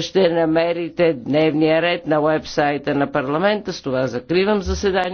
ще намерите дневния ред на вебсайта на парламента. С това закривам заседанието.